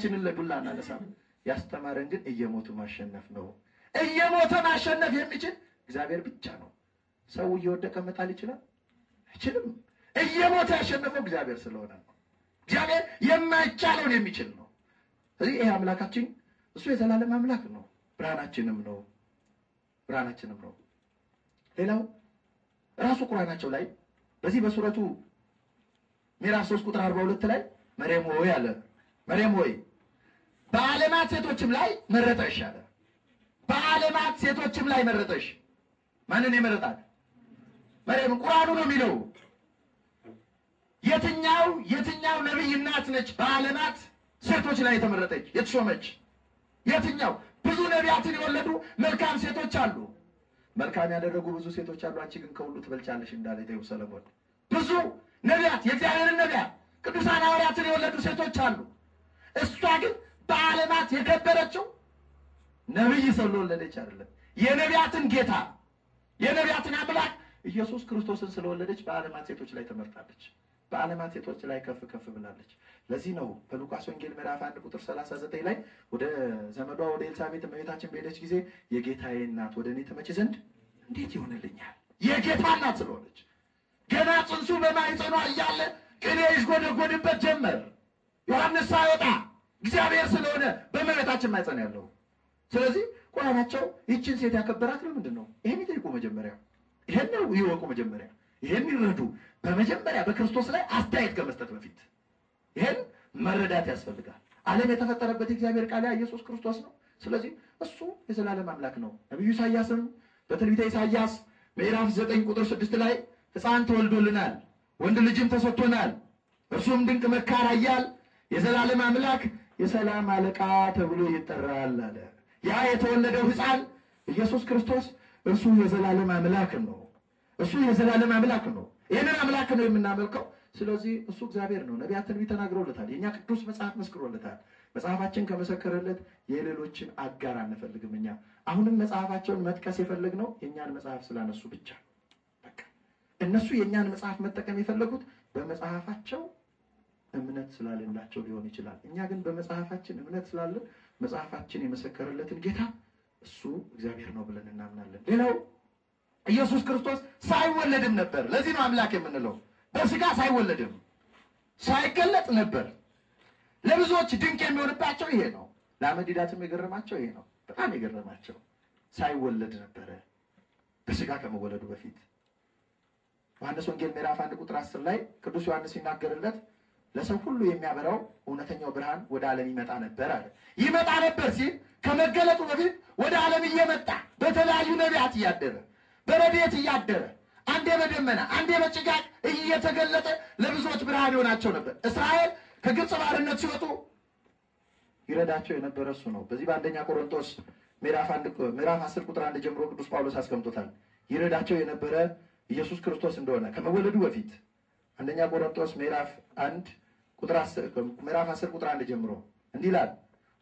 ራሳችንን ለዱላ እናነሳም። ያስተማረን ግን እየሞቱ ማሸነፍ ነው። እየሞተ ማሸነፍ የሚችል እግዚአብሔር ብቻ ነው። ሰው እየወደቀ መጣል ይችላል? አይችልም። እየሞተ ያሸነፈው እግዚአብሔር ስለሆነ ነው። እግዚአብሔር የማይቻለውን የሚችል ነው። ስለዚህ ይሄ አምላካችን እሱ የዘላለም አምላክ ነው። ብርሃናችንም ነው ብርሃናችንም ነው። ሌላው ራሱ ቁራናቸው ላይ በዚህ በሱረቱ ሜራ ሶስት ቁጥር አርባ ሁለት ላይ መሬም ሆይ አለ መሬም ሆይ በዓለማት ሴቶችም ላይ መረጠሽ አለ። በዓለማት ሴቶችም ላይ መረጠሽ። ማንን ይመረጣል? መሬም ቁርአኑ ነው የሚለው። የትኛው የትኛው ነቢይ እናት ነች? በዓለማት ሴቶች ላይ የተመረጠች የተሾመች የትኛው? ብዙ ነቢያትን የወለዱ መልካም ሴቶች አሉ። መልካም ያደረጉ ብዙ ሴቶች አሉ። አንቺ ግን ከሁሉ ትበልጫለሽ እንዳለ ደው ሰለሞን። ብዙ ነቢያት የእግዚአብሔርን ነቢያት ቅዱሳን ሐዋርያትን የወለዱ ሴቶች አሉ። እሷ ግን ናት የደበረችው ነቢይ ሰው ለወለደች አይደለም። የነቢያትን ጌታ የነቢያትን አምላክ ኢየሱስ ክርስቶስን ስለወለደች በዓለማት ሴቶች ላይ ተመርጣለች። በዓለማት ሴቶች ላይ ከፍ ከፍ ብላለች። ለዚህ ነው በሉቃስ ወንጌል ምዕራፍ አንድ ቁጥር ሰላሳ ዘጠኝ ላይ ወደ ዘመዷ ወደ ቤት እመቤታችን በሄደች ጊዜ የጌታዬ እናት ወደ እኔ ተመች ዘንድ እንዴት ይሆንልኛል? የጌታ እናት ስለሆነች ገና ጽንሱ በማኅፀኗ እያለ ቅኔ ይጎደጎድበት ጀመር። ዮሐንስ ሳይወጣ እግዚአብሔር ስለሆነ በመሬታችን ማይጸን ያለው። ስለዚህ ቁራናቸው ይችን ሴት ያከበራት ለምንድን ነው? ይሄን ይጠይቁ መጀመሪያ፣ ይሄን ነው ይወቁ መጀመሪያ፣ ይሄን ይረዱ በመጀመሪያ በክርስቶስ ላይ አስተያየት ከመስጠት በፊት ይሄን መረዳት ያስፈልጋል። ዓለም የተፈጠረበት የእግዚአብሔር ቃል ኢየሱስ ክርስቶስ ነው። ስለዚህ እሱ የዘላለም አምላክ ነው። ነቢዩ ኢሳያስም በትንቢተ ኢሳያስ ምዕራፍ ዘጠኝ ቁጥር ስድስት ላይ ሕፃን ተወልዶልናል፣ ወንድ ልጅም ተሰጥቶናል፣ እርሱም ድንቅ መካር ኃያል የዘላለም አምላክ የሰላም አለቃ ተብሎ ይጠራል አለ። ያ የተወለደው ሕፃን ኢየሱስ ክርስቶስ እሱ የዘላለም አምላክ ነው። እሱ የዘላለም አምላክ ነው። ይህንን አምላክ ነው የምናመልከው። ስለዚህ እሱ እግዚአብሔር ነው። ነቢያት ትንቢት ተናግረውለታል። የእኛ ቅዱስ መጽሐፍ መስክሮለታል። መጽሐፋችን ከመሰከረለት የሌሎችን አጋር አንፈልግም። እኛ አሁንም መጽሐፋቸውን መጥቀስ ነው የእኛን መጽሐፍ ስላነሱ ብቻ። በቃ እነሱ የእኛን መጽሐፍ መጠቀም የፈለጉት በመጽሐፋቸው እምነት ስላሌላቸው ሊሆን ይችላል። እኛ ግን በመጽሐፋችን እምነት ስላለን መጽሐፋችን የመሰከረለትን ጌታ እሱ እግዚአብሔር ነው ብለን እናምናለን። ሌላው ኢየሱስ ክርስቶስ ሳይወለድም ነበር። ለዚህ ነው አምላክ የምንለው። በስጋ ሳይወለድም ሳይገለጥ ነበር። ለብዙዎች ድንቅ የሚሆንባቸው ይሄ ነው። ለአመዲዳትም የገረማቸው ይሄ ነው። በጣም የገረማቸው ሳይወለድ ነበረ በስጋ ከመወለዱ በፊት ዮሐንስ ወንጌል ምዕራፍ አንድ ቁጥር አስር ላይ ቅዱስ ዮሐንስ ሲናገርለት ለሰው ሁሉ የሚያበራው እውነተኛው ብርሃን ወደ ዓለም ይመጣ ነበር አለ። ይመጣ ነበር ሲል ከመገለጡ በፊት ወደ ዓለም እየመጣ በተለያዩ ነቢያት እያደረ በረድኤት እያደረ አንዴ በደመና አንዴ በጭጋግ እየተገለጠ ለብዙዎች ብርሃን የሆናቸው ነበር። እስራኤል ከግብፅ ባርነት ሲወጡ ይረዳቸው የነበረ እሱ ነው። በዚህ በአንደኛ ቆሮንቶስ ምዕራፍ አስር ቁጥር አንድ ጀምሮ ቅዱስ ጳውሎስ አስቀምጦታል። ይረዳቸው የነበረ ኢየሱስ ክርስቶስ እንደሆነ ከመወለዱ በፊት አንደኛ ቆሮንቶስ ምዕራፍ አንድ ቁጥር ምዕራፍ አስር ቁጥር አንድ ጀምሮ እንዲህ ይላል፣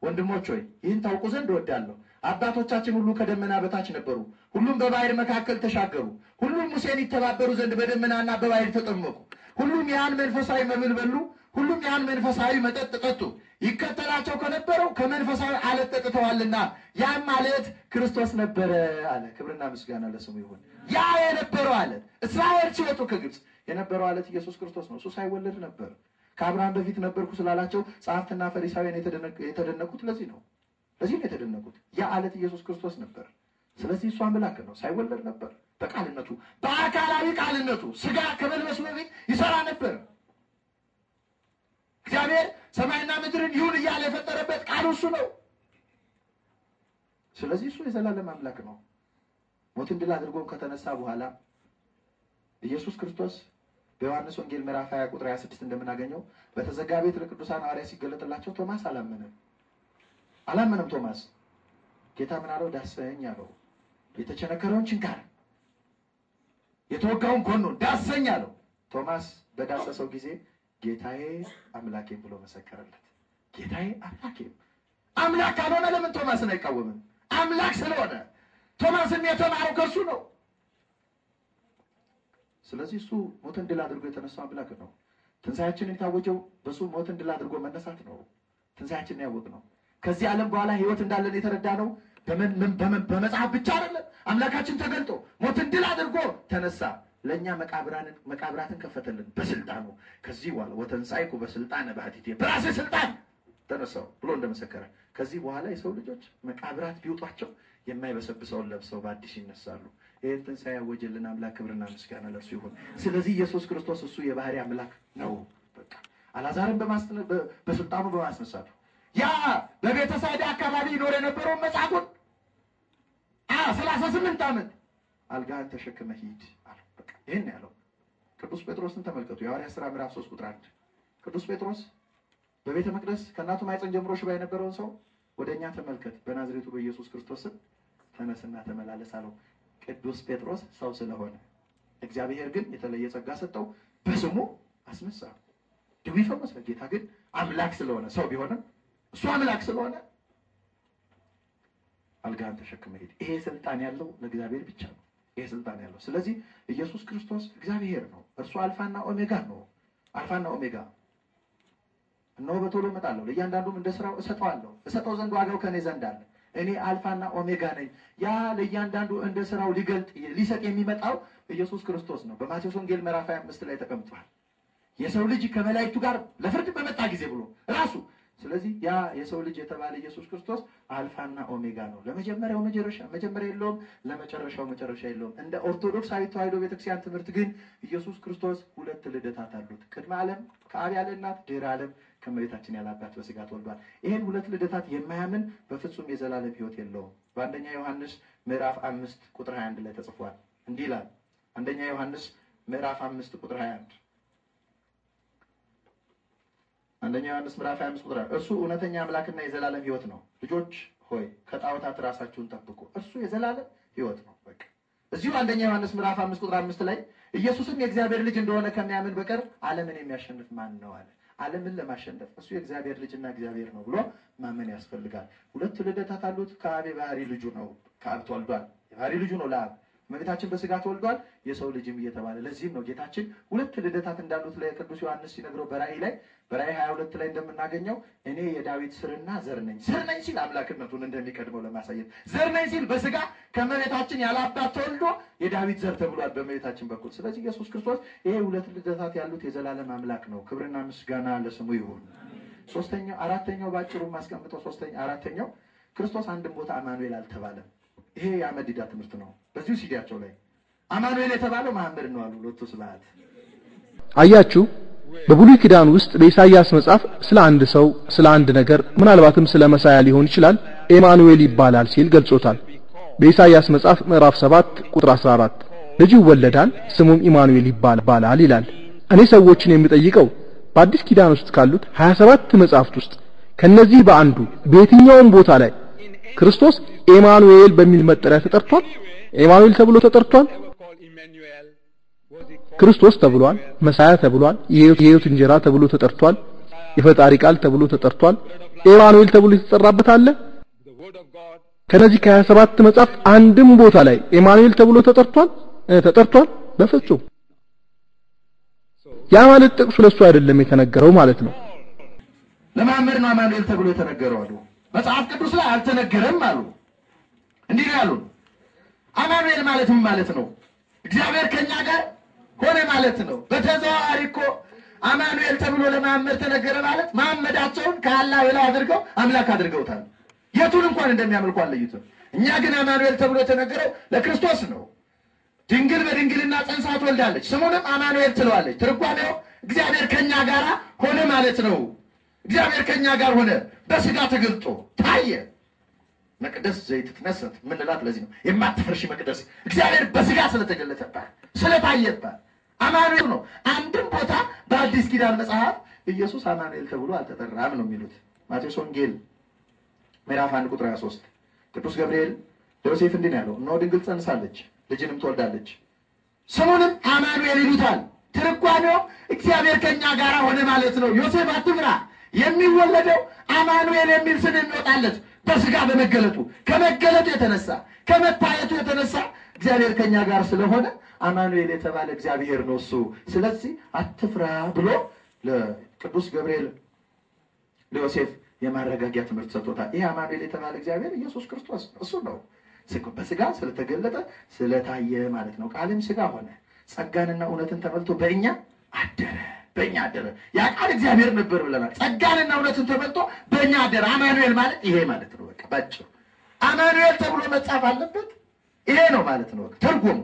ወንድሞች ሆይ ይህን ታውቁ ዘንድ እወዳለሁ። አባቶቻችን ሁሉ ከደመና በታች ነበሩ፣ ሁሉም በባህር መካከል ተሻገሩ። ሁሉም ሙሴን ይተባበሩ ዘንድ በደመናና በባህር ተጠመቁ። ሁሉም ያን መንፈሳዊ መብል በሉ፣ ሁሉም ያን መንፈሳዊ መጠጥ ጠጡ። ይከተላቸው ከነበረው ከመንፈሳዊ አለት ጠጥተዋልና ያም ማለት ክርስቶስ ነበረ አለ። ክብርና ምስጋና ለስሙ ይሁን። ያ የነበረው አለ እስራኤል ሲወጡ ከግብፅ የነበረው አለት ኢየሱስ ክርስቶስ ነው። እሱ ሳይወለድ ነበር። ከአብርሃም በፊት ነበርኩ ስላላቸው ጸሐፍትና ፈሪሳውያን የተደነቁት ለዚህ ነው። ለዚህ ነው የተደነቁት። ያ አለት ኢየሱስ ክርስቶስ ነበር። ስለዚህ እሱ አምላክ ነው። ሳይወለድ ነበር። በቃልነቱ በአካላዊ ቃልነቱ ስጋ ከመልበሱ በፊት ይሰራ ነበር። እግዚአብሔር ሰማይና ምድርን ይሁን እያለ የፈጠረበት ቃሉ እሱ ነው። ስለዚህ እሱ የዘላለም አምላክ ነው። ሞትን ድል አድርጎ ከተነሳ በኋላ ኢየሱስ ክርስቶስ በዮሐንስ ወንጌል ምዕራፍ 20 ቁጥር 26 እንደምናገኘው በተዘጋ ቤት ለቅዱሳን ሐዋርያት ሲገለጥላቸው ቶማስ አላመነም አላመነም። ቶማስ ጌታ ምን አለው? ዳሰኝ አለው። የተቸነከረውን ችንካር የተወጋውን ጎኑን ዳሰኝ አለው። ቶማስ በዳሰሰው ጊዜ ጌታዬ አምላኬም ብሎ መሰከረለት። ጌታዬ አምላኬም። አምላክ ካልሆነ ለምን ቶማስን አይቃወምም? አምላክ ስለሆነ ቶማስም የተማረው ከእርሱ ነው። ስለዚህ እሱ ሞትን ድል አድርጎ የተነሳ አምላክ ነው። ትንሳያችን የታወጀው በእሱ ሞትን ድል አድርጎ መነሳት ነው። ትንሳያችን ያወቅ ነው። ከዚህ ዓለም በኋላ ህይወት እንዳለን የተረዳ ነው በመጽሐፍ ብቻ አይደለም። አምላካችን ተገልጦ ሞትን ድል አድርጎ ተነሳ። ለእኛ መቃብራትን ከፈተልን በስልጣኑ። ከዚህ በኋላ ወተንሳይኩ በስልጣን ባህቲቴ በራሴ ስልጣን ተነሳው ብሎ እንደመሰከረ ከዚህ በኋላ የሰው ልጆች መቃብራት ቢውጧቸው የማይበሰብሰውን ለብሰው በአዲስ ይነሳሉ። ይህን ትንሣኤ ያወጀልን አምላክ ክብርና ምስጋና ለእርሱ ይሁን። ስለዚህ ኢየሱስ ክርስቶስ እሱ የባህሪ አምላክ ነው። በቃ አላዛርን በስልጣኑ በማስነሳቱ ያ በቤተሳይዳ አካባቢ ይኖር የነበረውን መጻጉዕን ሰላሳ ስምንት ዓመት አልጋህን ተሸክመ ሂድ አለ። በቃ ይህን ያለው ቅዱስ ጴጥሮስን ተመልከቱ። የሐዋርያት ሥራ ምዕራፍ ሶስት ቁጥር አንድ ቅዱስ ጴጥሮስ በቤተ መቅደስ ከእናቱ ማኅፀን ጀምሮ ሽባ የነበረውን ሰው ወደ እኛ ተመልከት፣ በናዝሬቱ በኢየሱስ ክርስቶስ ስም ተነስና ተመላለስ አለው። ቅዱስ ጴጥሮስ ሰው ስለሆነ እግዚአብሔር ግን የተለየ ጸጋ ሰጠው፣ በስሙ አስነሳ፣ ድዊ ፈወሰ። ጌታ ግን አምላክ ስለሆነ ሰው ቢሆንም እሱ አምላክ ስለሆነ አልጋን ተሸክመ ሄድ። ይሄ ስልጣን ያለው ለእግዚአብሔር ብቻ ነው። ይሄ ስልጣን ያለው ስለዚህ ኢየሱስ ክርስቶስ እግዚአብሔር ነው። እርሱ አልፋና ኦሜጋ ነው። አልፋና ኦሜጋ እነሆ በቶሎ እመጣለሁ፣ ለእያንዳንዱም እንደ ስራው እሰጠዋለሁ። እሰጠው ዘንድ ዋጋው ከእኔ ዘንድ አለ። እኔ አልፋና ኦሜጋ ነኝ። ያ ለእያንዳንዱ እንደ ስራው ሊገልጥ ሊሰጥ የሚመጣው ኢየሱስ ክርስቶስ ነው። በማቴዎስ ወንጌል ምዕራፍ 25 ላይ ተቀምጧል። የሰው ልጅ ከመላእክቱ ጋር ለፍርድ በመጣ ጊዜ ብሎ ራሱ ስለዚህ ያ የሰው ልጅ የተባለ ኢየሱስ ክርስቶስ አልፋና ኦሜጋ ነው። ለመጀመሪያው መጨረሻ መጀመሪያ የለውም፣ ለመጨረሻው መጨረሻ የለውም። እንደ ኦርቶዶክሳዊ ተዋሕዶ ቤተክርስቲያን ትምህርት ግን ኢየሱስ ክርስቶስ ሁለት ልደታት አሉት። ቅድመ ዓለም ከአብ ያለ እናት ድህረ ዓለም ከመሬታችን ያለ አባት በስጋ ተወልዷል። ይህን ሁለት ልደታት የማያምን በፍጹም የዘላለም ህይወት የለውም። በአንደኛ ዮሐንስ ምዕራፍ አምስት ቁጥር 21 ላይ ተጽፏል። እንዲህ ይላል። አንደኛ ዮሐንስ ምዕራፍ አምስት ቁጥር 21 አንደኛ ዮሐንስ ምዕራፍ 25 ቁጥር እርሱ እውነተኛ አምላክና የዘላለም ህይወት ነው። ልጆች ሆይ ከጣዖታት ራሳችሁን ጠብቁ። እርሱ የዘላለም ህይወት ነው። በቃ እዚሁ አንደኛ ዮሐንስ ምዕራፍ አምስት ቁጥር አምስት ላይ ኢየሱስም የእግዚአብሔር ልጅ እንደሆነ ከሚያምን በቀር ዓለምን የሚያሸንፍ ማን ነው አለ። ዓለምን ለማሸነፍ እሱ የእግዚአብሔር ልጅና እግዚአብሔር ነው ብሎ ማመን ያስፈልጋል። ሁለት ልደታት አሉት። ከአብ የባህሪ ልጁ ነው፣ ከአብ ተወልዷል። የባህሪ ልጁ ነው ለአብ እመቤታችን በስጋ ተወልዷል የሰው ልጅም እየተባለ ለዚህም ነው ጌታችን ሁለት ልደታት እንዳሉት ላይ ቅዱስ ዮሐንስ ሲነግረው በራእይ ላይ በራእይ ሀያ ሁለት ላይ እንደምናገኘው እኔ የዳዊት ስርና ዘር ነኝ ስር ነኝ ሲል አምላክነቱን እንደሚቀድመው ለማሳየት ዘር ነኝ ሲል በስጋ ከእመቤታችን ያላባት ተወልዶ የዳዊት ዘር ተብሏል በእመቤታችን በኩል ስለዚህ ኢየሱስ ክርስቶስ ይሄ ሁለት ልደታት ያሉት የዘላለም አምላክ ነው ክብርና ምስጋና ለስሙ ይሁን ሶስተኛው አራተኛው በአጭሩ ማስቀምጠው ሶስተኛ አራተኛው ክርስቶስ አንድም ቦታ አማኑኤል አልተባለም ይሄ የአመዲዳ ትምህርት ነው። በዚሁ ሲዲያቸው ላይ አማኑኤል የተባለው መሐመድ ነው አሉ። ሎቶ ስብሐት አያችሁ። በብሉይ ኪዳን ውስጥ በኢሳይያስ መጽሐፍ ስለ አንድ ሰው ስለ አንድ ነገር ምናልባትም ስለ መሳያ ሊሆን ይችላል ኤማኑኤል ይባላል ሲል ገልጾታል። በኢሳይያስ መጽሐፍ ምዕራፍ 7 ቁጥር 14 ልጅ ይወለዳል ስሙም ኢማኑኤል ይባላል ይላል። እኔ ሰዎችን የምጠይቀው በአዲስ ኪዳን ውስጥ ካሉት 27 መጽሐፍት ውስጥ ከነዚህ በአንዱ በየትኛውም ቦታ ላይ ክርስቶስ ኤማኑኤል በሚል መጠሪያ ተጠርቷል። ኤማኑኤል ተብሎ ተጠርቷል። ክርስቶስ ተብሏል። መሳያ ተብሏል። የህይወት እንጀራ ተብሎ ተጠርቷል። የፈጣሪ ቃል ተብሎ ተጠርቷል። ኤማኑኤል ተብሎ የተጠራበት አለ። ከነዚህ ከሀያ ሰባት መጽሐፍት አንድም ቦታ ላይ ኤማኑኤል ተብሎ ተጠርቷል ተጠርቷል? በፍጹም። ያ ማለት ጥቅሱ ለሱ አይደለም የተነገረው ማለት ነው። ለማመር ነው አማኑኤል ተብሎ የተነገረው አሉ። መጽሐፍ ቅዱስ ላይ አልተነገረም አሉ። እንዲህ ነው ያሉ። አማኑኤል ማለት ምን ማለት ነው? እግዚአብሔር ከኛ ጋር ሆነ ማለት ነው። በተዘዋዋሪ እኮ አማኑኤል ተብሎ ለመሐመድ ተነገረ ማለት መሐመዳቸውን ከአላህ በላይ አድርገው አምላክ አድርገውታል። የቱን እንኳን እንደሚያመልኩ አለዩትም። እኛ ግን አማኑኤል ተብሎ የተነገረው ለክርስቶስ ነው። ድንግል በድንግልና ፀንሳ ትወልዳለች፣ ስሙንም አማኑኤል ትለዋለች። ትርጓሜው እግዚአብሔር ከኛ ጋራ ሆነ ማለት ነው። እግዚአብሔር ከእኛ ጋር ሆነ፣ በስጋ ተገልጦ ታየ። መቅደስ ትነሰት ምንላት ለዚህ ነው የማትፈርሺ መቅደስ። እግዚአብሔር በስጋ ስለተገለጠባት ስለታየባት አማኑኤል ነው። አንድም ቦታ በአዲስ ኪዳን መጽሐፍ ኢየሱስ አማኑኤል ተብሎ አልተጠራም ነው የሚሉት። ማቴዎስ ወንጌል ምዕራፍ አንድ ቁጥር ሶስት ቅዱስ ገብርኤል ለዮሴፍ እንዲህ ነው ያለው፣ እነሆ ድንግል ጸንሳለች፣ ልጅንም ትወልዳለች፣ ስሙንም አማኑኤል ይሉታል። ትርጓሜው እግዚአብሔር ከእኛ ጋር ሆነ ማለት ነው። ዮሴፍ አትፍራ የሚወለደው አማኑኤል የሚል ስም የሚወጣለት በስጋ በመገለጡ ከመገለጡ የተነሳ ከመታየቱ የተነሳ እግዚአብሔር ከኛ ጋር ስለሆነ አማኑኤል የተባለ እግዚአብሔር ነው እሱ። ስለዚህ አትፍራ ብሎ ለቅዱስ ገብርኤል ለዮሴፍ የማረጋጊያ ትምህርት ሰጥቶታል። ይህ አማኑኤል የተባለ እግዚአብሔር ኢየሱስ ክርስቶስ እሱ ነው። በስጋ ስለተገለጠ ስለታየ ማለት ነው። ቃልም ስጋ ሆነ፣ ጸጋንና እውነትን ተመልቶ በእኛ አደረ። በእኛ አደረ። ያ ቃል እግዚአብሔር ነበር ብለናል። ጸጋንና እውነትን ተመልጦ በእኛ አደረ። አማኑኤል ማለት ይሄ ማለት ነው። በቃ ባጭሩ አማኑኤል ተብሎ መጻፍ አለበት። ይሄ ነው ማለት ነው ትርጉሙ።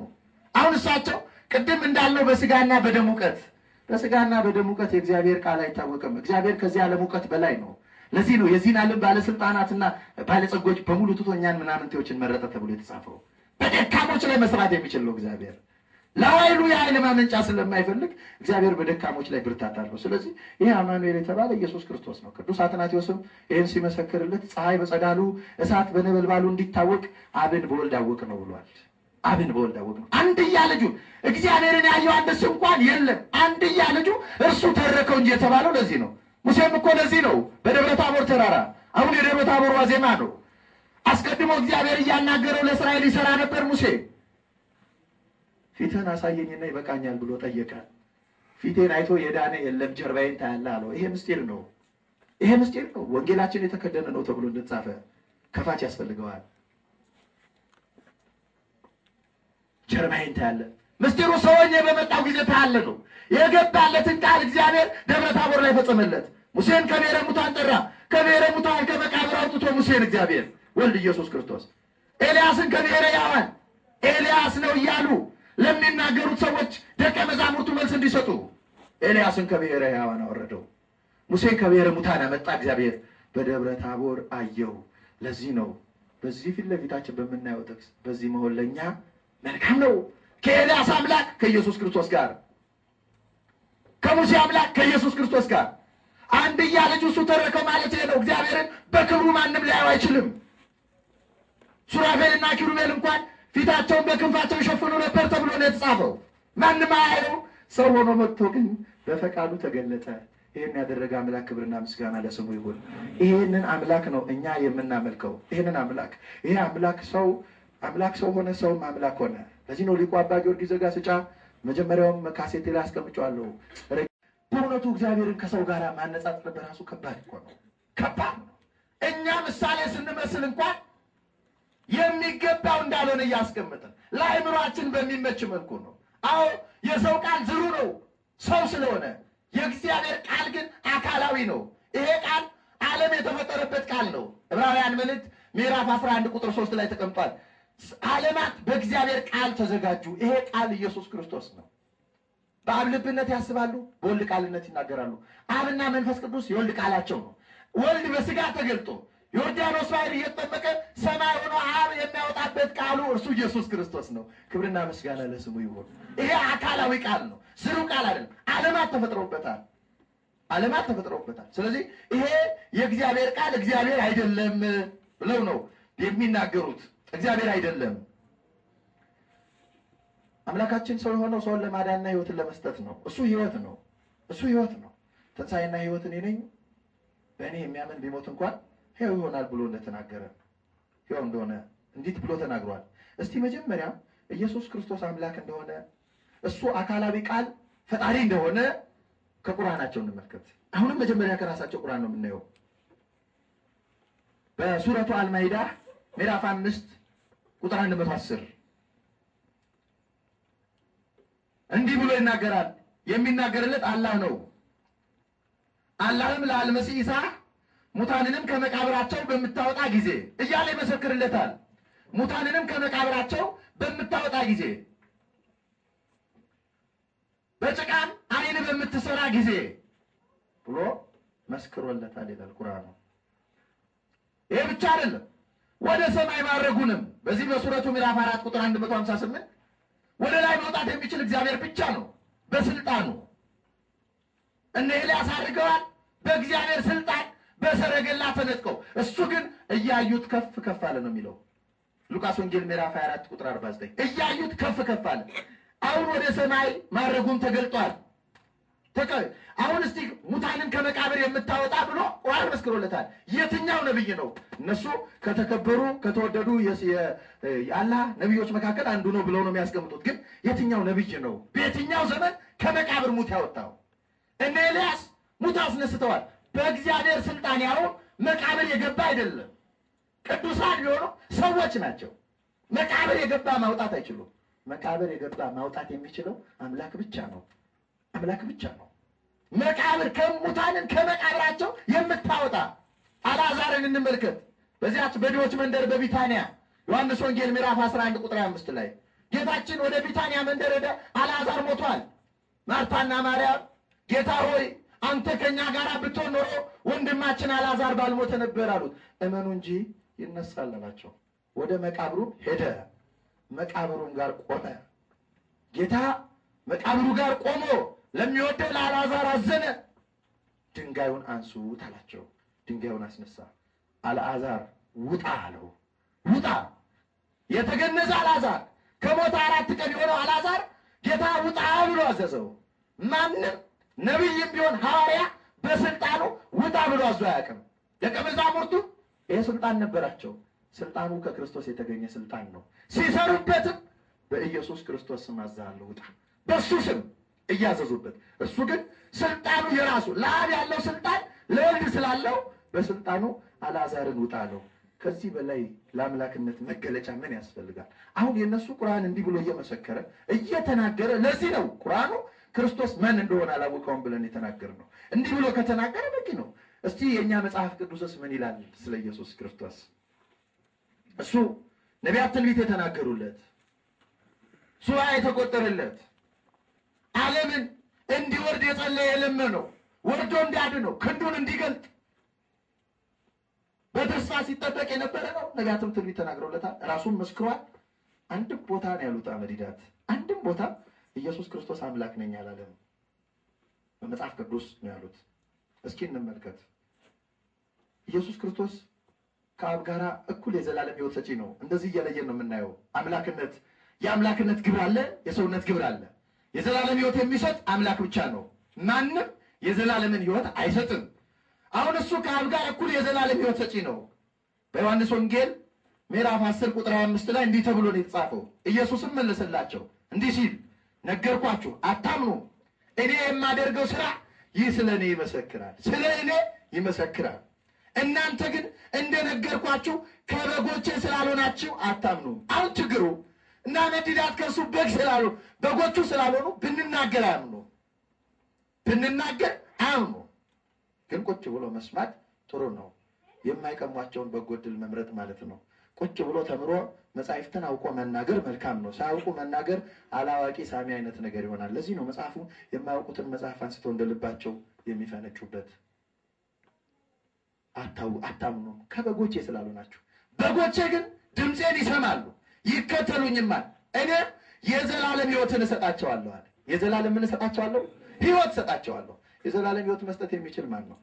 አሁን እሳቸው ቅድም እንዳለው በስጋና በደም እውቀት በስጋና በደም እውቀት የእግዚአብሔር ቃል አይታወቅም። እግዚአብሔር ከዚህ ዓለም እውቀት በላይ ነው። ለዚህ ነው የዚህን ዓለም ባለስልጣናትና ባለጸጎች በሙሉ ትቶ እኛን ምናምንቴዎችን መረጠ ተብሎ የተጻፈው። በደካሞች ላይ መስራት የሚችል ነው እግዚአብሔር። ለኃይሉ የኃይል ማመንጫ ስለማይፈልግ እግዚአብሔር በደካሞች ላይ ብርታት አለው። ስለዚህ ይህ አማኑኤል የተባለ ኢየሱስ ክርስቶስ ነው። ቅዱስ አትናቴዎስም ይህን ሲመሰክርለት ፀሐይ በጸዳሉ እሳት በነበልባሉ እንዲታወቅ አብን በወልድ አወቅ ነው ብሏል። አብን በወልድ አወቅ ነው። አንድያ ልጁ እግዚአብሔርን ያየው አንድስ እንኳን የለም። አንድያ ልጁ እርሱ ተረከው እንጂ የተባለው ለዚህ ነው። ሙሴም እኮ ለዚህ ነው በደብረ ታቦር ተራራ። አሁን የደብረ ታቦር ዋዜማ ነው። አስቀድሞ እግዚአብሔር እያናገረው ለእስራኤል ይሰራ ነበር ሙሴ ፊትህን አሳየኝና ይበቃኛል ብሎ ጠየቀ። ፊቴን አይቶ የዳነ የለም ጀርባዬን ታያለህ አለው። ይሄ ምስጢር ነው፣ ይሄ ምስጢር ነው። ወንጌላችን የተከደነ ነው ተብሎ እንደተጻፈ ከፋች ያስፈልገዋል። ጀርባዬን ታያለህ ምስጢሩ ሰውዬ በመጣው ጊዜ ታያለህ ነው። የገባለትን ቃል እግዚአብሔር ደብረ ታቦር ላይ ፈጸመለት። ሙሴን ከብሔረ ሙታን ጠራ። ከብሔረ ሙታን ከመቃብር አውጥቶ ሙሴን እግዚአብሔር ወልድ ኢየሱስ ክርስቶስ ኤልያስን ከብሔረ ያዋን ኤልያስ ነው እያሉ ለሚናገሩት ሰዎች ደቀ መዛሙርቱ መልስ እንዲሰጡ ኤልያስን ከብሔረ ሕያዋን አወረደው፣ ሙሴን ከብሔረ ሙታን አመጣ። እግዚአብሔር በደብረ ታቦር አየው። ለዚህ ነው በዚህ ፊት ለፊታችን በምናየው ጥቅስ በዚህ መሆን ለእኛ መልካም ነው። ከኤልያስ አምላክ ከኢየሱስ ክርስቶስ ጋር ከሙሴ አምላክ ከኢየሱስ ክርስቶስ ጋር አንድያ ልጅ እሱ ተረከው ማለት ነው። እግዚአብሔርን በክብሩ ማንም ሊያየው አይችልም። ሱራፌልና ኪሩቤል እንኳን ፊታቸውን በክንፋቸው ይሸፍኑ ነበር ተብሎ ነው የተጻፈው። ማንም አያየው። ሰው ሆኖ መጥቶ ግን በፈቃዱ ተገለጠ። ይህን ያደረገ አምላክ ክብርና ምስጋና ለስሙ ይሁን። ይህንን አምላክ ነው እኛ የምናመልከው። ይህንን አምላክ ይሄ አምላክ ሰው አምላክ ሰው ሆነ፣ ሰውም አምላክ ሆነ። ለዚህ ነው ሊቁ አባ ጊዮርጊስ ዘጋስጫ መጀመሪያውም ካሴቴ ላይ አስቀምጫዋለሁ። በእውነቱ እግዚአብሔርን ከሰው ጋር ማነጻጸር በራሱ ከባድ ነው፣ ከባድ ነው። እኛ ምሳሌ ስንመስል እንኳን የሚገባው እንዳልሆነ እያስቀመጠ ለአእምሯችን በሚመች መልኩ ነው። አዎ የሰው ቃል ዝሩ ነው ሰው ስለሆነ፣ የእግዚአብሔር ቃል ግን አካላዊ ነው። ይሄ ቃል ዓለም የተፈጠረበት ቃል ነው። ዕብራውያን መልእክት ምዕራፍ 11 ቁጥር 3 ላይ ተቀምጧል። ዓለማት በእግዚአብሔር ቃል ተዘጋጁ። ይሄ ቃል ኢየሱስ ክርስቶስ ነው። በአብ ልብነት ያስባሉ፣ በወልድ ቃልነት ይናገራሉ። አብና መንፈስ ቅዱስ የወልድ ቃላቸው ነው። ወልድ በስጋ ተገልጦ ዮርዳኖስ ባሕር እየተጠመቀ ሰማይ ሆኖ አብ የሚያወጣበት ቃሉ እርሱ ኢየሱስ ክርስቶስ ነው። ክብርና ምስጋና ለስሙ ይሁን። ይሄ አካላዊ ቃል ነው፣ ስሩ ቃል አይደለም። ዓለማት ተፈጥረውበታል፣ ዓለማት ተፈጥረውበታል። ስለዚህ ይሄ የእግዚአብሔር ቃል እግዚአብሔር አይደለም ብለው ነው የሚናገሩት። እግዚአብሔር አይደለም። አምላካችን ሰው የሆነው ሰውን ለማዳንና ህይወትን ለመስጠት ነው። እሱ ህይወት ነው። እሱ ህይወት ነው። ትንሣኤና ህይወትን የነኝ በእኔ የሚያምን ቢሞት እንኳን ሕያው ይሆናል ብሎ እንደተናገረ ሕያው እንደሆነ እንዴት ብሎ ተናግሯል? እስቲ መጀመሪያ ኢየሱስ ክርስቶስ አምላክ እንደሆነ እሱ አካላዊ ቃል ፈጣሪ እንደሆነ ከቁርአናቸው እንመልከት። አሁንም መጀመሪያ ከራሳቸው ቁርአን ነው የምናየው። በሱረቱ አልማይዳ ምዕራፍ አምስት ቁጥር አንድ መቶ አስር እንዲህ ብሎ ይናገራል። የሚናገርለት አላህ ነው። አላህም ለአልመሲህ ኢሳ ሙታንንም ከመቃብራቸው በምታወጣ ጊዜ እያለ ይመሰክርለታል። ሙታንንም ከመቃብራቸው በምታወጣ ጊዜ፣ በጭቃን አይን በምትሰራ ጊዜ ብሎ መስክሮለታል ይላል ቁርአኑ። ይሄ ብቻ አይደለም፣ ወደ ሰማይ ማድረጉንም በዚህ በሱረቱ ምዕራፍ አራት ቁጥር 158 ወደ ላይ መውጣት የሚችል እግዚአብሔር ብቻ ነው በስልጣኑ እነ ኤልያስ አድርገዋል። በእግዚአብሔር ስልጣን በሰረገላ ተነጥቀው፣ እሱ ግን እያዩት ከፍ ከፍ አለ ነው የሚለው ሉቃስ ወንጌል ምዕራፍ 24 ቁጥር 49 እያዩት ከፍ ከፍ አለ። አሁን ወደ ሰማይ ማድረጉም ተገልጧል። አሁን እስቲ ሙታንን ከመቃብር የምታወጣ ብሎ ቁርአን መስክሮለታል። የትኛው ነብይ ነው? እነሱ ከተከበሩ ከተወደዱ የአላህ ነብዮች መካከል አንዱ ነው ብለው ነው የሚያስቀምጡት። ግን የትኛው ነብይ ነው? በየትኛው ዘመን ከመቃብር ሙት ያወጣው? እነ ኤልያስ ሙት አስነስተዋል። በእግዚአብሔር ስልጣን ያው መቃብር የገባ አይደለም። ቅዱሳን ቢሆኑ ሰዎች ናቸው። መቃብር የገባ ማውጣት አይችሉም። መቃብር የገባ ማውጣት የሚችለው አምላክ ብቻ ነው። አምላክ ብቻ ነው። መቃብር ከሙታንን ከመቃብራቸው የምታወጣ አልዓዛርን እንመልከት። በዚያች በድሆች መንደር በቢታንያ ዮሐንስ ወንጌል ምዕራፍ 11 ቁጥር 5 ላይ ጌታችን ወደ ቢታንያ መንደር ሄደ። አልዓዛር ሞቷል። ማርታና ማርያም ጌታ ሆይ አንተ ከእኛ ጋር ብትሆን ኖሮ ወንድማችን አላዛር ባልሞተ ነበር አሉት። እመኑ እንጂ ይነሳል አላቸው። ወደ መቃብሩ ሄደ። መቃብሩም ጋር ቆመ። ጌታ መቃብሩ ጋር ቆሞ ለሚወደ ለአላዛር አዘነ። ድንጋዩን አንሱት አላቸው። ድንጋዩን አስነሳ። አልአዛር ውጣ አለው። ውጣ የተገነዘ አልዓዛር ከሞተ አራት ቀን የሆነው አልዓዛር ጌታ ውጣ ብሎ አዘዘው። ማንም ነቢይም ቢሆን ሐዋርያ በስልጣኑ ውጣ ብሎ አዞ አያውቅም። ደቀ መዛሙርቱ ይህ ስልጣን ነበራቸው። ስልጣኑ ከክርስቶስ የተገኘ ስልጣን ነው። ሲሰሩበትም በኢየሱስ ክርስቶስ ስም አዝሃለሁ ውጣ፣ በእሱ ስም እያዘዙበት። እሱ ግን ስልጣኑ የራሱ ለአብ ያለው ስልጣን ለወልድ ስላለው በስልጣኑ አልዓዛርን ውጣ አለው። ከዚህ በላይ ለአምላክነት መገለጫ ምን ያስፈልጋል? አሁን የእነሱ ቁርአን እንዲህ ብሎ እየመሰከረ እየተናገረ ለዚህ ነው ቁርአኑ ክርስቶስ ማን እንደሆነ አላወቀውም ብለን የተናገር ነው። እንዲህ ብሎ ከተናገረ በቂ ነው። እስቲ የእኛ መጽሐፍ ቅዱስስ ምን ይላል ስለ ኢየሱስ ክርስቶስ? እሱ ነቢያት ትንቢት የተናገሩለት ሱባ የተቆጠረለት ዓለምን እንዲወርድ የጸለየ የለመነው ወርዶ እንዲያድነው ክንዱን እንዲገልጥ በተስፋ ሲጠበቅ የነበረ ነው። ነቢያትም ትንቢት ተናግረውለታል። ራሱን መስክሯል። አንድም ቦታ ነው ያሉት አመዲዳት አንድም ቦታ ኢየሱስ ክርስቶስ አምላክ ነኝ አላለም። በመጽሐፍ ቅዱስ ነው ያሉት። እስኪ እንመልከት። ኢየሱስ ክርስቶስ ከአብ ጋር እኩል የዘላለም ሕይወት ሰጪ ነው። እንደዚህ እየለየን ነው የምናየው። አምላክነት የአምላክነት ግብር አለ፣ የሰውነት ግብር አለ። የዘላለም ሕይወት የሚሰጥ አምላክ ብቻ ነው። ማንም የዘላለምን ሕይወት አይሰጥም። አሁን እሱ ከአብ ጋር እኩል የዘላለም ሕይወት ሰጪ ነው። በዮሐንስ ወንጌል ምዕራፍ 10 ቁጥር 25 ላይ እንዲህ ተብሎ ነው የተጻፈው። ኢየሱስም መለሰላቸው እንዲህ ሲል ነገርኳችሁ፣ አታምኑ። እኔ የማደርገው ስራ ይህ ስለ እኔ ይመሰክራል፣ ስለ እኔ ይመሰክራል። እናንተ ግን እንደነገርኳችሁ ከበጎቼ ስላልሆናችሁ አታምኑ። አሁን ችግሩ እና ነዲዳት ከእርሱ በግ ስላሉ በጎቹ ስላልሆኑ ብንናገር አያምኑ፣ ብንናገር አያምኑ። ግን ቁጭ ብሎ መስማት ጥሩ ነው። የማይቀሟቸውን በጎ ዕድል መምረጥ ማለት ነው። ቁጭ ብሎ ተምሮ መጽሐፍትን አውቆ መናገር መልካም ነው። ሳያውቁ መናገር አላዋቂ ሳሚ አይነት ነገር ይሆናል። ለዚህ ነው መጽሐፉ የማያውቁትን መጽሐፍ አንስቶ እንደልባቸው የሚፈነጩበት። አታምኑ ከበጎቼ ስላሉ ናቸው። በጎቼ ግን ድምፄን ይሰማሉ ይከተሉኝማል። እኔ የዘላለም ህይወትን እሰጣቸዋለሁ አለ። የዘላለም ምን እሰጣቸዋለሁ? ህይወት እሰጣቸዋለሁ። የዘላለም ህይወት መስጠት የሚችል ማን ነው?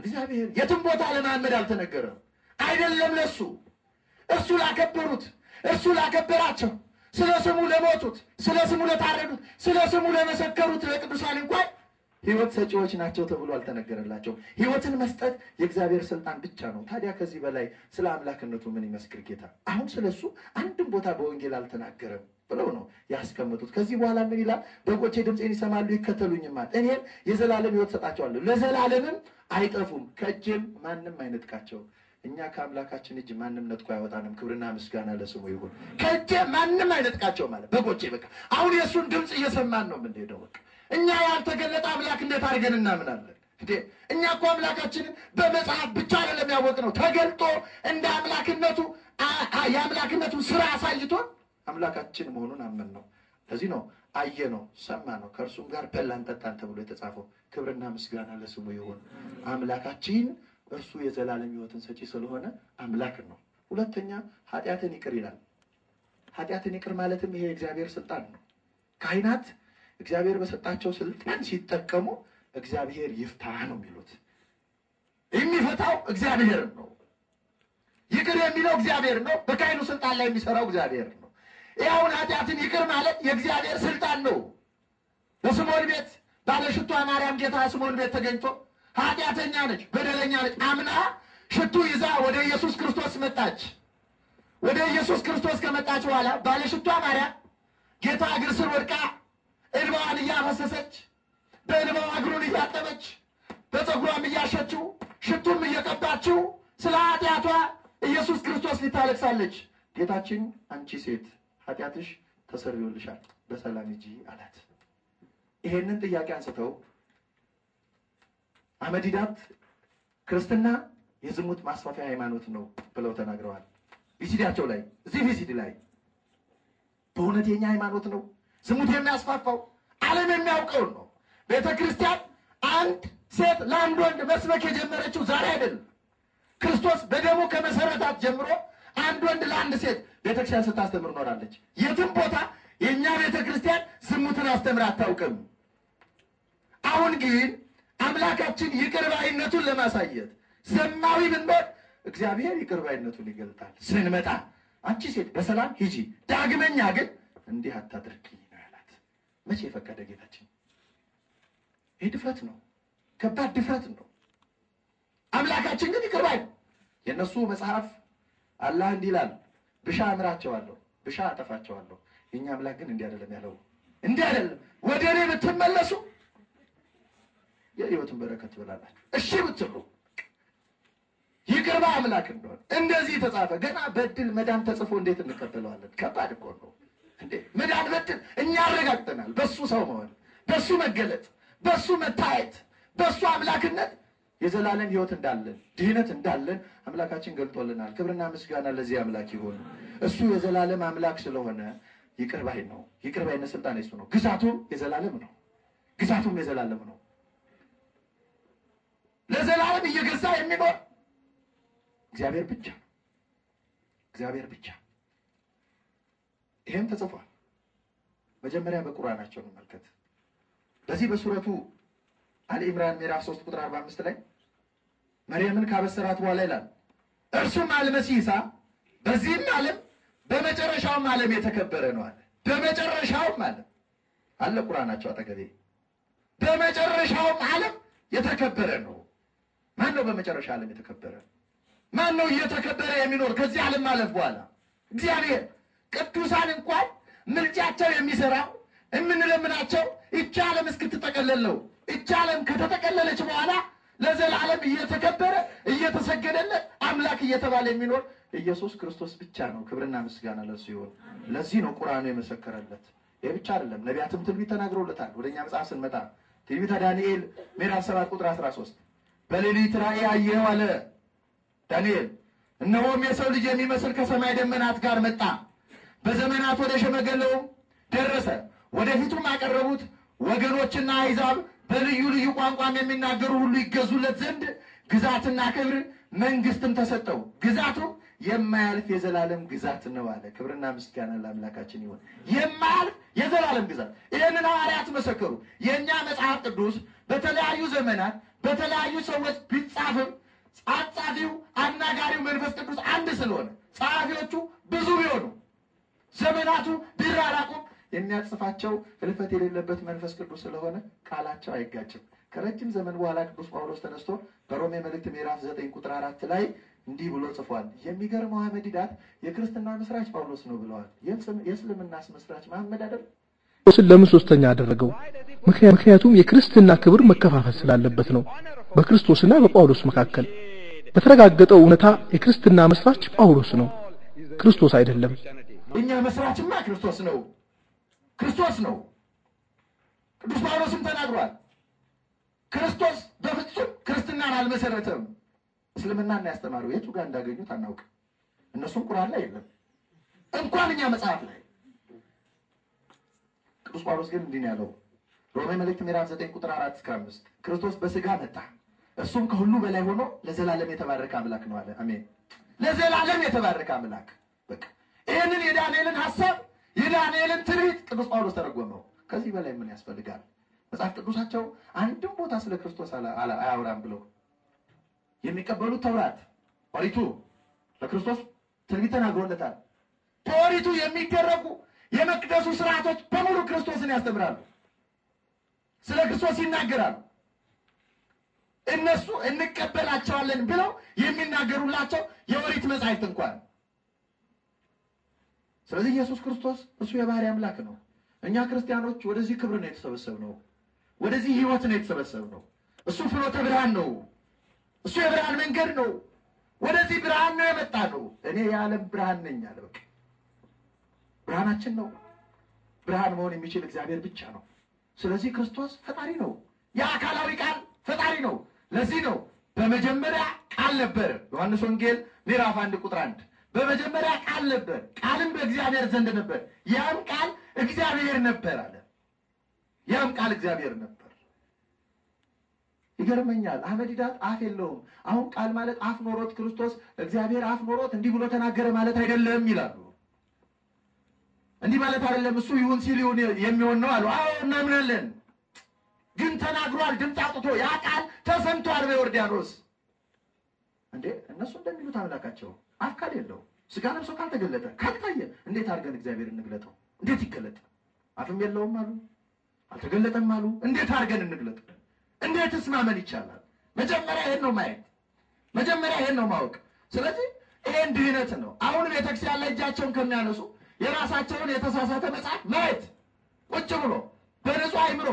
እግዚአብሔር። የትም ቦታ ለመሐመድ አልተነገረም። አይደለም ለሱ እሱ ላከበሩት፣ እሱ ላከበራቸው፣ ስለ ስሙ ለሞቱት፣ ስለ ስሙ ለታረዱት፣ ስለ ስሙ ለመሰከሩት ለቅዱሳን እንኳን ህይወት ሰጪዎች ናቸው ተብሎ አልተነገረላቸው። ህይወትን መስጠት የእግዚአብሔር ስልጣን ብቻ ነው። ታዲያ ከዚህ በላይ ስለ አምላክነቱ ምን ይመስክር ጌታ? አሁን ስለ እሱ አንድም ቦታ በወንጌል አልተናገረም ብለው ነው ያስቀምጡት። ከዚህ በኋላ ምን ይላል? በጎቼ ድምፄን ይሰማሉ ይከተሉኝማል፣ እኔም የዘላለም ህይወት ሰጣቸዋለሁ፣ ለዘላለምም አይጠፉም፣ ከእጄም ማንም አይነጥቃቸውም። እኛ ከአምላካችን እጅ ማንም ነጥቆ አያወጣንም። ክብርና ምስጋና ለስሙ ይሁን። ከእጄ ማንም አይነጥቃቸው ማለት በጎቼ በቃ አሁን የእሱን ድምፅ እየሰማን ነው የምንሄደው። በቃ እኛ ያልተገለጠ አምላክ እንዴት አድርገን እናምናለን? እንዴ እኛ እኮ አምላካችንን በመጽሐፍ ብቻ ለሚያወቅ ነው ተገልጦ እንደ አምላክነቱ የአምላክነቱን ስራ አሳይቶን አምላካችን መሆኑን አመን ነው። ለዚህ ነው አየ ነው ሰማ ነው ከእርሱም ጋር በላን ጠጣን ተብሎ የተጻፈው። ክብርና ምስጋና ለስሙ ይሁን አምላካችን እርሱ የዘላለም ህይወትን ሰጪ ስለሆነ አምላክ ነው። ሁለተኛ ኃጢአትን ይቅር ይላል። ኃጢአትን ይቅር ማለትም ይሄ የእግዚአብሔር ስልጣን ነው። ካህናት እግዚአብሔር በሰጣቸው ስልጣን ሲጠቀሙ እግዚአብሔር ይፍታ ነው የሚሉት። የሚፈታው እግዚአብሔር ነው። ይቅር የሚለው እግዚአብሔር ነው። በካህኑ ስልጣን ላይ የሚሰራው እግዚአብሔር ነው። ይኸውን ኃጢአትን ይቅር ማለት የእግዚአብሔር ስልጣን ነው። በስምዖን ቤት ባለሽቷ ማርያም ጌታ ስምዖን ቤት ተገኝቶ ኃጢአተኛ ነች፣ በደለኛ ነች። አምና ሽቱ ይዛ ወደ ኢየሱስ ክርስቶስ መጣች። ወደ ኢየሱስ ክርስቶስ ከመጣች በኋላ ባለሽቷ ማርያም ጌታ እግር ስር ወድቃ እንባዋን እያፈሰሰች በእንባዋ እግሩን እያጠበች በፀጉሯም እያሸችው ሽቱም እየቀባችው ስለ ኃጢአቷ ኢየሱስ ክርስቶስ ሊታለቅሳለች። ጌታችን አንቺ ሴት ኃጢአትሽ ተሰርዮልሻል፣ በሰላም ሂጂ አላት። ይሄንን ጥያቄ አንስተው አመዲዳት ክርስትና የዝሙት ማስፋፊያ ሃይማኖት ነው ብለው ተናግረዋል። ቪሲዲያቸው ላይ እዚህ ቪሲዲ ላይ በእውነት የኛ ሃይማኖት ነው ዝሙት የሚያስፋፋው ዓለም የሚያውቀውን ነው። ቤተ ክርስቲያን አንድ ሴት ለአንድ ወንድ መስበክ የጀመረችው ዛሬ አይደለም። ክርስቶስ በደሙ ከመሰረታት ጀምሮ አንድ ወንድ ለአንድ ሴት ቤተክርስቲያን ስታስተምር ኖራለች። የትም ቦታ የእኛ ቤተ ክርስቲያን ዝሙትን አስተምር አታውቅም። አሁን ግን አምላካችን ባይነቱን ለማሳየት ዘማዊ ብንበር እግዚአብሔር ባይነቱን ይገልጣል። ስንመጣ አንቺ ሴት በሰላም ሂጂ፣ ዳግመኛ ግን እንዲህ አታድርጊኝ ነው ያላት። መቼ የፈቀደ ጌታችን? ይህ ድፍረት ነው፣ ከባድ ድፍረት ነው። አምላካችን ግን ባይ የእነሱ መጽሐፍ አላህ እንዲህ ይላል፣ ብሻ እምራቸዋለሁ፣ ብሻ አጠፋቸዋለሁ። የእኛ አምላክ ግን እንዲህ አይደለም ያለው፣ እንዲህ አይደለም። ወደ እኔ ብትመለሱ የህይወትን በረከት ትበላላችሁ። እሺ ብትሉ ይቅርባ አምላክ እንደሆነ እንደዚህ ተጻፈ። ገና በድል መዳን ተጽፎ እንዴት እንቀበለዋለን? ከባድ እኮ ነው እንዴ መዳን በድል። እኛ አረጋግጠናል። በሱ ሰው መሆን፣ በሱ መገለጥ፣ በሱ መታየት፣ በሱ አምላክነት የዘላለም ህይወት እንዳለን ድህነት እንዳለን አምላካችን ገልጦልናል። ክብርና ምስጋና ለዚህ አምላክ ይሁን። እሱ የዘላለም አምላክ ስለሆነ ይቅርባይ ነው። ይቅርባይነት ስልጣን የሱ ነው። ግዛቱም የዘላለም ነው። ግዛቱም የዘላለም ነው። ለዘላለም እየገዛ የሚኖር እግዚአብሔር ብቻ ነው። እግዚአብሔር ብቻ ይህም ተጽፏል። መጀመሪያ በቁርአናቸው እንመልከት። በዚህ በሱረቱ አልኢምራን ምዕራፍ 3 ቁጥር 45 ላይ መርየምን ካበሰራት በኋላ ይላል እርሱም አልመሲህ ሳ በዚህም ዓለም በመጨረሻውም ዓለም የተከበረ ነው አለ። በመጨረሻውም ዓለም አለ ቁርአናቸው አጠገቤ በመጨረሻውም ዓለም የተከበረ ነው። ማን ነው በመጨረሻ ዓለም የተከበረ? ማን ነው እየተከበረ የሚኖር ከዚህ ዓለም ማለፍ በኋላ? እግዚአብሔር። ቅዱሳን እንኳን ምልጃቸው የሚሰራው የምንለምናቸው እቺ ዓለም እስክትጠቀለል ነው። እቺ ዓለም ከተጠቀለለች በኋላ ለዘላለም እየተከበረ እየተሰገደለት አምላክ እየተባለ የሚኖር ኢየሱስ ክርስቶስ ብቻ ነው። ክብርና ምስጋና ለሱ ሲሆን ለዚህ ነው ቁርአኑ የመሰከረለት። ይህ ብቻ አይደለም፣ ነቢያትም ትንቢት ተናግረውለታል። ወደኛ መጽሐፍ ስንመጣ ትንቢተ ዳንኤል ምዕራፍ ሰባት ቁጥር አስራ ሶስት በሌሊት ራእይ አየኸው አለ ዳንኤል። እነሆም የሰው ልጅ የሚመስል ከሰማይ ደመናት ጋር መጣ፣ በዘመናት ወደ ሸመገለው ደረሰ፣ ወደፊቱም አቀረቡት። ወገኖችና አሕዛብ በልዩ ልዩ ቋንቋም የሚናገሩ ሁሉ ይገዙለት ዘንድ ግዛትና ክብር መንግስትም ተሰጠው። ግዛቱ የማያልፍ የዘላለም ግዛት ነው አለ። ክብርና ምስጋና ለአምላካችን ይሆን። የማያልፍ የዘላለም ግዛት ይህንን ሐዋርያት መሰከሩ። የእኛ መጽሐፍ ቅዱስ በተለያዩ ዘመናት በተለያዩ ሰዎች ቢጻፍም አጻፊው አናጋሪው መንፈስ ቅዱስ አንድ ስለሆነ ጸሐፊዎቹ ብዙ ቢሆኑ ዘመናቱ ቢራራቁም የሚያጽፋቸው ህልፈት የሌለበት መንፈስ ቅዱስ ስለሆነ ቃላቸው አይጋጭም። ከረጅም ዘመን በኋላ ቅዱስ ጳውሎስ ተነስቶ በሮሜ መልእክት ምዕራፍ ዘጠኝ ቁጥር አራት ላይ እንዲህ ብሎ ጽፏል። የሚገርመው አመዲዳት የክርስትና መስራች ጳውሎስ ነው ብለዋል። የእስልምናስ መስራች መሐመድ አይደለም። ለምን ሶስተኛ አደረገው? ምክንያቱም የክርስትና ክብር መከፋፈል ስላለበት ነው በክርስቶስና በጳውሎስ መካከል በተረጋገጠው እውነታ የክርስትና መስራች ጳውሎስ ነው ክርስቶስ አይደለም እኛ መስራችማ ክርስቶስ ነው ክርስቶስ ነው ቅዱስ ጳውሎስም ተናግሯል ክርስቶስ በፍጹም ክርስትናን አልመሰረተም እስልምናና ያስተማረው የቱ ጋር እንዳገኙት አናውቅ እነሱም ቁርአን ላይ የለም እንኳን እኛ መጽሐፍ ላይ ቅዱስ ጳውሎስ ግን እንዲህ ያለው ሮሜ መልእክት ምዕራፍ ዘጠኝ ቁጥር አራት እስከ አምስት ክርስቶስ በስጋ መጣ፣ እሱም ከሁሉ በላይ ሆኖ ለዘላለም የተባረከ አምላክ ነው አለ። አሜን። ለዘላለም የተባረከ አምላክ። በቃ ይህንን የዳንኤልን ሀሳብ የዳንኤልን ትርኢት ቅዱስ ጳውሎስ ተረጎመው። ከዚህ በላይ ምን ያስፈልጋል? መጽሐፍ ቅዱሳቸው አንድም ቦታ ስለ ክርስቶስ አያውራም ብለው የሚቀበሉት ተውራት ኦሪቱ ለክርስቶስ ትንቢት ተናግሮለታል። በኦሪቱ የሚደረጉ የመቅደሱ ስርዓቶች በሙሉ ክርስቶስን ያስተምራሉ። ስለ ክርስቶስ ይናገራሉ። እነሱ እንቀበላቸዋለን ብለው የሚናገሩላቸው የኦሪት መጻሕፍት እንኳን። ስለዚህ ኢየሱስ ክርስቶስ እሱ የባህርይ አምላክ ነው። እኛ ክርስቲያኖች ወደዚህ ክብር ነው የተሰበሰብነው፣ ወደዚህ ህይወት ነው የተሰበሰብነው። እሱ ፍኖተ ብርሃን ነው። እሱ የብርሃን መንገድ ነው። ወደዚህ ብርሃን ነው የመጣ ነው። እኔ የዓለም ብርሃን ነኝ አለ። በቃ ብርሃናችን ነው። ብርሃን መሆን የሚችል እግዚአብሔር ብቻ ነው። ስለዚህ ክርስቶስ ፈጣሪ ነው። የአካላዊ ቃል ፈጣሪ ነው። ለዚህ ነው በመጀመሪያ ቃል ነበር። ዮሐንስ ወንጌል ምዕራፍ አንድ ቁጥር አንድ በመጀመሪያ ቃል ነበር፣ ቃልም በእግዚአብሔር ዘንድ ነበር፣ ያም ቃል እግዚአብሔር ነበር አለ። ያም ቃል እግዚአብሔር ነበር። ይገርመኛል። አህመድ ዳት አፍ የለውም። አሁን ቃል ማለት አፍ ኖሮት ክርስቶስ እግዚአብሔር አፍ ኖሮት እንዲህ ብሎ ተናገረ ማለት አይደለም ይላሉ። እንዲህ ማለት አይደለም። እሱ ይሁን ሲል ይሁን የሚሆን ነው አሉ። አዎ እናምናለን፣ ግን ተናግሯል፣ ድምፅ አውጥቶ ያ ቃል ተሰምቷል በዮርዳኖስ። እንዴ እነሱ እንደሚሉት አምላካቸው አካል የለው ስጋ ለብሶ ካልተገለጠ ካልታየ እንዴት አድርገን እግዚአብሔር እንግለጠው? እንዴት ይገለጥ? አፍም የለውም አሉ፣ አልተገለጠም አሉ። እንዴት አድርገን እንግለጥ? እንዴትስ ማመን ይቻላል? መጀመሪያ ይሄን ነው ማየት፣ መጀመሪያ ይሄን ነው ማወቅ። ስለዚህ ይሄን ድህነት ነው። አሁን ቤተክርስቲያን ላይ እጃቸውን ከሚያነሱ የራሳቸውን የተሳሳተ መጽሐፍ ማየት ቁጭ ብሎ በንጹህ አይምሮ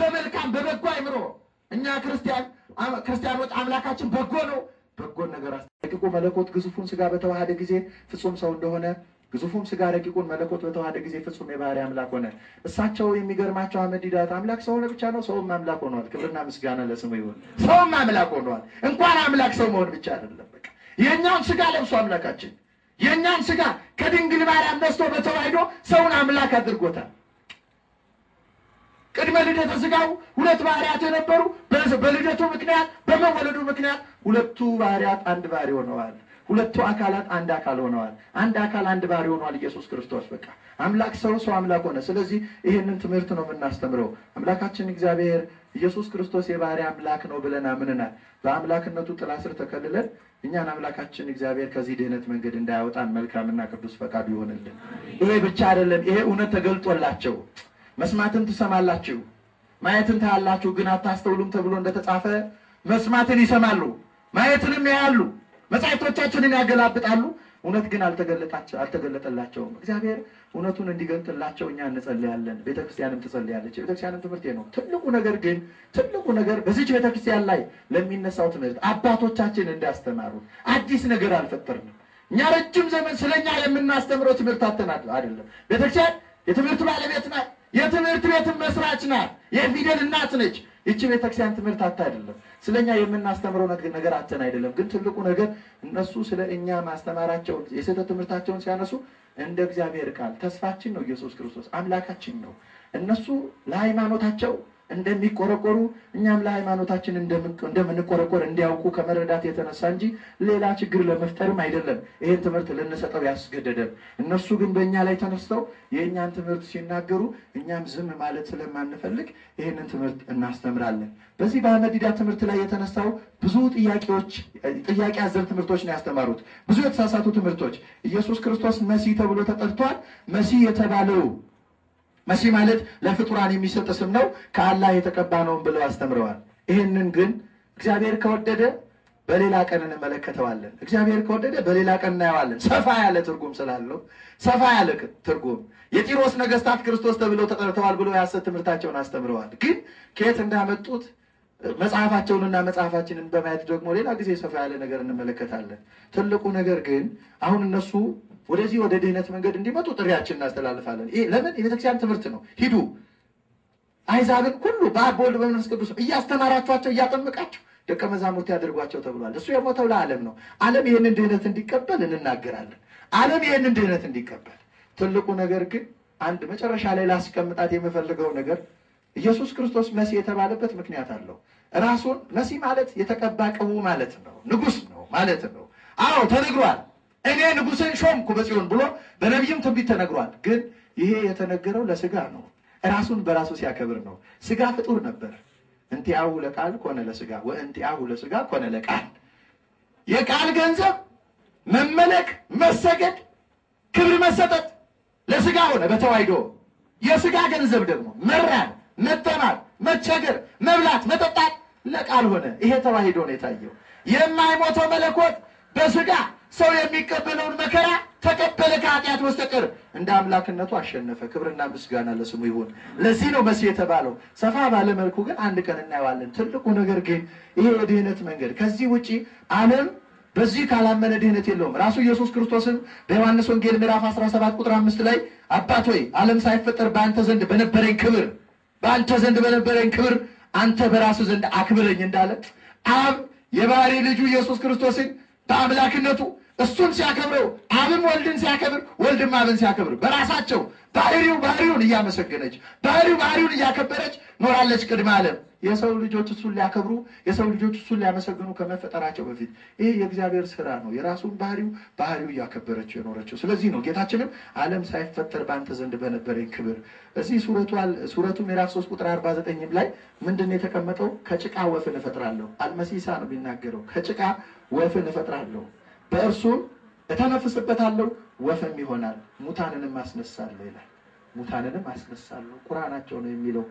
በመልካም በበጎ አይምሮ እኛ ክርስቲያን ክርስቲያኖች አምላካችን በጎ ነው። በጎን ነገር ረቂቁ መለኮት ግዙፉን ስጋ በተዋሃደ ጊዜ ፍጹም ሰው እንደሆነ ግዙፉም ስጋ ረቂቁን መለኮት በተዋሃደ ጊዜ ፍጹም የባህሪ አምላክ ሆነ። እሳቸው የሚገርማቸው አመዲዳት አምላክ ሰው ሆነ ብቻ ነው፣ ሰውም አምላክ ሆነዋል። ክብርና ምስጋና ለስሙ ይሁን። ሰውም አምላክ ሆነዋል። እንኳን አምላክ ሰው መሆን ብቻ አይደለም፣ በቃ የእኛውን ስጋ ለብሶ አምላካችን የእኛን ስጋ ከድንግል ማርያም ነስቶ በተዋህዶ ሰውን አምላክ አድርጎታል። ቅድመ ልደተ ስጋው ሁለት ባህርያት የነበሩ በልደቱ ምክንያት በመወለዱ ምክንያት ሁለቱ ባህርያት አንድ ባህሪ ሆነዋል። ሁለቱ አካላት አንድ አካል ሆነዋል። አንድ አካል አንድ ባህሪ ሆነዋል። ኢየሱስ ክርስቶስ በቃ አምላክ ሰው፣ ሰው አምላክ ሆነ። ስለዚህ ይህንን ትምህርት ነው የምናስተምረው አምላካችን እግዚአብሔር ኢየሱስ ክርስቶስ የባህሪ አምላክ ነው ብለን አምንናል። በአምላክነቱ ጥላ ስር ተከልለን እኛን አምላካችን እግዚአብሔር ከዚህ ድህነት መንገድ እንዳያወጣን መልካምና ቅዱስ ፈቃዱ ይሆንልን። ይሄ ብቻ አይደለም፣ ይሄ እውነት ተገልጦላቸው መስማትን ትሰማላችሁ፣ ማየትን ታያላችሁ፣ ግን አታስተውሉም ተብሎ እንደተጻፈ መስማትን ይሰማሉ፣ ማየትንም ያያሉ፣ መጻሕፍቶቻችንን ያገላብጣሉ እውነት ግን አልተገለጠላቸውም። እግዚአብሔር እውነቱን እንዲገልጥላቸው እኛ እንጸልያለን፣ ቤተክርስቲያንም ትጸልያለች። ቤተክርስቲያንም ትምህርት ነው። ትልቁ ነገር ግን ትልቁ ነገር በዚች ቤተክርስቲያን ላይ ለሚነሳው ትምህርት አባቶቻችን እንዳስተማሩት አዲስ ነገር አልፈጠርንም። እኛ ረጅም ዘመን ስለኛ የምናስተምረው ትምህርት አተናል አይደለም። ቤተክርስቲያን የትምህርት ባለቤት ናት። የትምህርት ቤትን መስራች ናት። የፊደል እናት ነች። ይቺ ቤተክርስቲያን ትምህርት አታ አይደለም ስለ እኛ የምናስተምረው ነገር አተን አይደለም። ግን ትልቁ ነገር እነሱ ስለ እኛ ማስተማራቸውን የስህተት ትምህርታቸውን ሲያነሱ እንደ እግዚአብሔር ቃል ተስፋችን ነው ኢየሱስ ክርስቶስ አምላካችን ነው። እነሱ ለሃይማኖታቸው እንደሚቆረቆሩ እኛም ለሃይማኖታችን እንደምንቆረቆር እንዲያውቁ ከመረዳት የተነሳ እንጂ ሌላ ችግር ለመፍጠርም አይደለም ይህን ትምህርት ልንሰጠው ያስገደደን። እነሱ ግን በእኛ ላይ ተነስተው የእኛን ትምህርት ሲናገሩ እኛም ዝም ማለት ስለማንፈልግ ይህንን ትምህርት እናስተምራለን። በዚህ በአህመዲዳ ትምህርት ላይ የተነሳው ብዙ ጥያቄዎች ጥያቄ አዘል ትምህርቶች ነው ያስተማሩት። ብዙ የተሳሳቱ ትምህርቶች ኢየሱስ ክርስቶስ መሲህ ተብሎ ተጠርቷል። መሲህ የተባለው መሲህ ማለት ለፍጡራን የሚሰጥ ስም ነው፣ ከአላህ የተቀባ ነውን ብለው አስተምረዋል። ይህንን ግን እግዚአብሔር ከወደደ በሌላ ቀን እንመለከተዋለን። እግዚአብሔር ከወደደ በሌላ ቀን እናየዋለን። ሰፋ ያለ ትርጉም ስላለው ሰፋ ያለ ትርጉም የጢሮስ ነገስታት ክርስቶስ ተብለው ተጠርተዋል ብለው የሐሰት ትምህርታቸውን አስተምረዋል። ግን ከየት እንዳመጡት መጽሐፋቸውንና መጽሐፋችንን በማየት ደግሞ ሌላ ጊዜ ሰፋ ያለ ነገር እንመለከታለን። ትልቁ ነገር ግን አሁን እነሱ ወደዚህ ወደ ድህነት መንገድ እንዲመጡ ጥሪያችን እናስተላልፋለን። ይሄ ለምን የቤተክርስቲያን ትምህርት ነው። ሂዱ አይዛብን ሁሉ በአብ በወልድ በመንፈስ ቅዱስ እያስተማራችኋቸው እያጠመቃችሁ ደቀ መዛሙርት ያደርጓቸው ተብሏል። እሱ የሞተው ለዓለም ነው። ዓለም ይህንን ድህነት እንዲቀበል እንናገራለን። ዓለም ይህንን ድህነት እንዲቀበል ትልቁ ነገር ግን አንድ መጨረሻ ላይ ላስቀምጣት የምፈልገው ነገር ኢየሱስ ክርስቶስ መሲህ የተባለበት ምክንያት አለው። ራሱን መሲህ ማለት የተቀባ ቅቡ ማለት ነው፣ ንጉስ ነው ማለት ነው። አዎ ተነግሯል። እኔ ንጉሥን ሾምኩ በጽዮን ብሎ በነቢይም ትንቢት ተነግሯል። ግን ይሄ የተነገረው ለስጋ ነው። ራሱን በራሱ ሲያከብር ነው። ስጋ ፍጡር ነበር። እንቲአሁ ለቃል ኮነ ለስጋ ወእንቲአሁ ለስጋ ኮነ ለቃል። የቃል ገንዘብ መመለክ፣ መሰገድ፣ ክብር መሰጠት ለስጋ ሆነ በተዋሕዶ። የስጋ ገንዘብ ደግሞ መራን፣ መጠማት፣ መቸገር፣ መብላት፣ መጠጣት ለቃል ሆነ። ይሄ ተዋሕዶ ነው የታየው። የማይሞተው መለኮት በስጋ ሰው የሚቀበለውን መከራ ተቀበለ ከኃጢአት በስተቀር እንደ አምላክነቱ አሸነፈ። ክብርና ምስጋና ለስሙ ይሁን። ለዚህ ነው መሲህ የተባለው። ሰፋ ባለ መልኩ ግን አንድ ቀን እናየዋለን። ትልቁ ነገር ግን ይሄ የድህነት መንገድ ከዚህ ውጪ ዓለም በዚህ ካላመነ ድህነት የለውም። ራሱ ኢየሱስ ክርስቶስም በዮሐንስ ወንጌል ምዕራፍ 17 ቁጥር አምስት ላይ አባት ሆይ ዓለም ሳይፈጠር በአንተ ዘንድ በነበረኝ ክብር በአንተ ዘንድ በነበረኝ ክብር አንተ በራስህ ዘንድ አክብረኝ እንዳለ አብ የባህሪ ልጁ ኢየሱስ ክርስቶስን በአምላክነቱ እሱን ሲያከብረው አብን ወልድን ሲያከብር ወልድም አብን ሲያከብር በራሳቸው ባህሪው ባህሪውን እያመሰገነች ባህሪው ባህሪውን እያከበረች ኖራለች። ቅድመ ዓለም የሰው ልጆች እሱን ሊያከብሩ የሰው ልጆች እሱን ሊያመሰግኑ ከመፈጠራቸው በፊት ይህ የእግዚአብሔር ስራ ነው። የራሱን ባህሪው ባህሪው እያከበረችው የኖረችው ስለዚህ ነው። ጌታችንም ዓለም ሳይፈጠር በአንተ ዘንድ በነበረኝ ክብር እዚህ ሱረቱ ምዕራፍ ሶስት ቁጥር አርባ ዘጠኝም ላይ ምንድን የተቀመጠው? ከጭቃ ወፍን እፈጥራለሁ። አልመሲሳ ነው የሚናገረው። ከጭቃ ወፍን እፈጥራለሁ በእርሱም እተነፍስበታለሁ፣ ወፍም ይሆናል፣ ሙታንንም አስነሳለሁ ይላል። ሙታንንም አስነሳለሁ ቁርአናቸው ነው የሚለው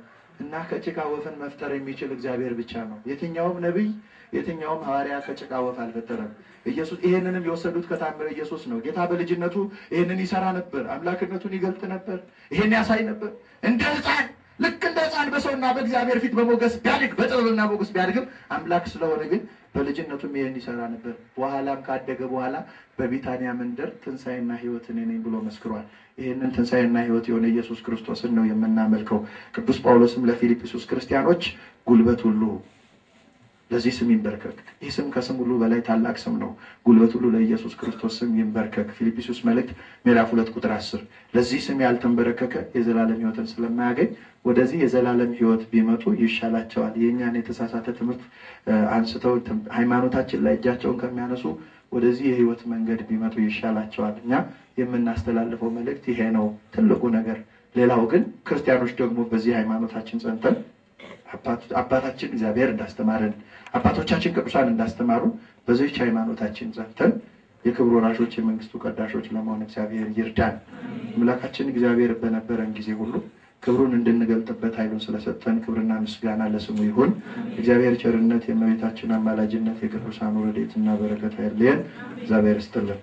እና ከጭቃ ወፍን መፍጠር የሚችል እግዚአብሔር ብቻ ነው። የትኛውም ነቢይ፣ የትኛውም ሐዋርያ ከጭቃ ወፍ አልፈጠረም። ኢየሱስ ይሄንንም የወሰዱት ከታምረ ኢየሱስ ነው። ጌታ በልጅነቱ ይህንን ይሰራ ነበር፣ አምላክነቱን ይገልጥ ነበር፣ ይሄን ያሳይ ነበር እንደ ሕፃን ልክ እንደ ህፃን በሰውና በእግዚአብሔር ፊት በሞገስ ቢያድግ በጥበብና ሞገስ ቢያድግም አምላክ ስለሆነ ግን በልጅነቱም ይህን ይሰራ ነበር። በኋላም ካደገ በኋላ በቢታንያ መንደር ትንሣኤና ህይወት እኔ ነኝ ብሎ መስክሯል። ይህንን ትንሣኤና ህይወት የሆነ ኢየሱስ ክርስቶስን ነው የምናመልከው። ቅዱስ ጳውሎስም ለፊልጵስዩስ ክርስቲያኖች ጉልበት ሁሉ ለዚህ ስም ይንበርከክ። ይህ ስም ከስም ሁሉ በላይ ታላቅ ስም ነው። ጉልበት ሁሉ ለኢየሱስ ክርስቶስ ስም ይንበርከክ። ፊልጵስዩስ መልእክት ምዕራፍ ሁለት ቁጥር አስር ለዚህ ስም ያልተንበረከከ የዘላለም ሕይወትን ስለማያገኝ ወደዚህ የዘላለም ሕይወት ቢመጡ ይሻላቸዋል። የእኛን የተሳሳተ ትምህርት አንስተው ሃይማኖታችን ላይ እጃቸውን ከሚያነሱ ወደዚህ የሕይወት መንገድ ቢመጡ ይሻላቸዋል። እኛ የምናስተላልፈው መልእክት ይሄ ነው ትልቁ ነገር። ሌላው ግን ክርስቲያኖች ደግሞ በዚህ ሃይማኖታችን ጸንተን አባታችን እግዚአብሔር እንዳስተማረን አባቶቻችን ቅዱሳን እንዳስተማሩ በዚች ሃይማኖታችን ጸንተን የክብር ወራሾች የመንግስቱ ቀዳሾች ለመሆን እግዚአብሔር ይርዳን። አምላካችን እግዚአብሔር በነበረን ጊዜ ሁሉ ክብሩን እንድንገልጥበት ኃይሉን ስለሰጠን ክብርና ምስጋና ለስሙ ይሁን። እግዚአብሔር ቸርነት፣ የእመቤታችን አማላጅነት፣ የቅዱሳን ረድኤትና በረከት አይለየን። እግዚአብሔር ይስጥልን።